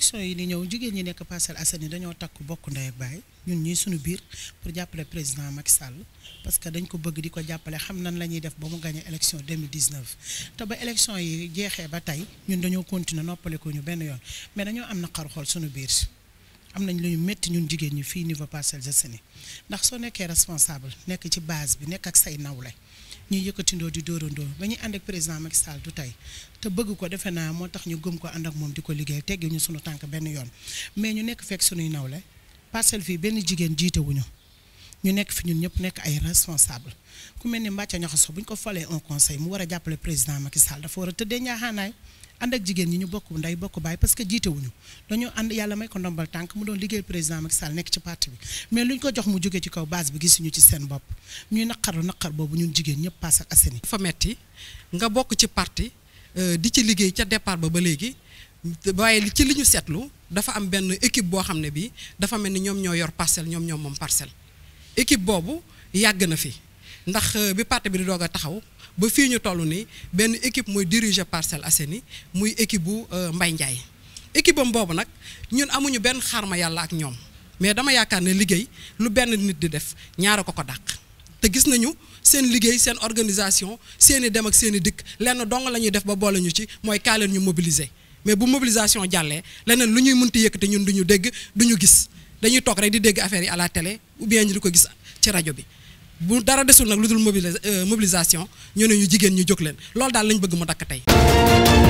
élection yi ni ñëw jigéen ñi nekk Parcelles Assainies dañoo takk bokk ndey ak baay ñun ñuy suñu biir pour jàppale président Macky Sall parce que dañ ko bëgg di ko jàppale xam nan la ñuy def ba mu gagné élection 2019 te ba élection yi jeexee ba tey ñun dañoo continuer noppale ko ñu benn yoon mais dañoo am na xaru xool suñu biir am nañ lu ñu métti ñun jigéen ñi fii niveau Parcelles Assainies ndax soo nekkee responsable nekk ci base bi nekk ak say nawle ñuy yëkkatindoo di dóorandoo ba ñu ànd ak président Macky Sall du tey te bëgg ko defe naa moo tax ñu gëm ko ànd ak moom di ko liggéey teggi ñu suñu tànk benn yoon mais ñu nekk fekk sunuy nawle parcelle fii benn jigéen jiitewuñu ñu nekk fi ñun ñëpp nekk ay responsable ku mel ni Mbathia Niakhasso bu ñu ko falee un conseil mu war a jàppale président Macky Sall dafa war a tëddee ñaaxaanaay ànd ak jigéen ñi ñu bokk nday bokk baay parce que jiitewuñu dañoo ànd yàlla may ko ndombal tànk mu doon liggéey président Macky Sall nekk ci parti bi mais luñ ko jox mu jógee ci kaw base bi gisuñu ci seen bopp ñuy naqaru naqar boobu ñun jigéen ñëpp paas ak aseni fa metti nga bokk ci parti euh, di ci liggéey ca départ ba ba léegi waaye ci li ñu seetlu dafa am benn équipe boo xam ne bi dafa mel ni ñoom ñoo yor parcelle ñoom ñoom moom parcelle équipe boobu yàgg na fi ndax euh, bi parti bi di doog a taxaw ba fii ñu toll nii benn équipe mooy parcelle Parcelles Assainies muy équipe bu euh, mbay Ndiaye équipe boobu nag ñun amuñu benn xarma yàlla ak ñoom mais dama yaakaar ne liggéey lu benn nit di def ñaar ko ko dàq te gis nañu seen liggéey seen organisation seen i dem ak seen i dikk lenn dong la ñuy def ba boole ñu ci mooy kaa ñu mobiliser mais bu mobilisation jàllee leneen lu ñuy mënti yëkkate ñun du ñu dégg du ñu gis dañuy toog rek di dégg affaire yi la télé ou bien ñu di ko gis ci rajo bi bu dara desul nag lu dul euh, mobilisation ñu ne ñu jigéen ñu jóg leen loolu daal lañ bëgg mu dakk tey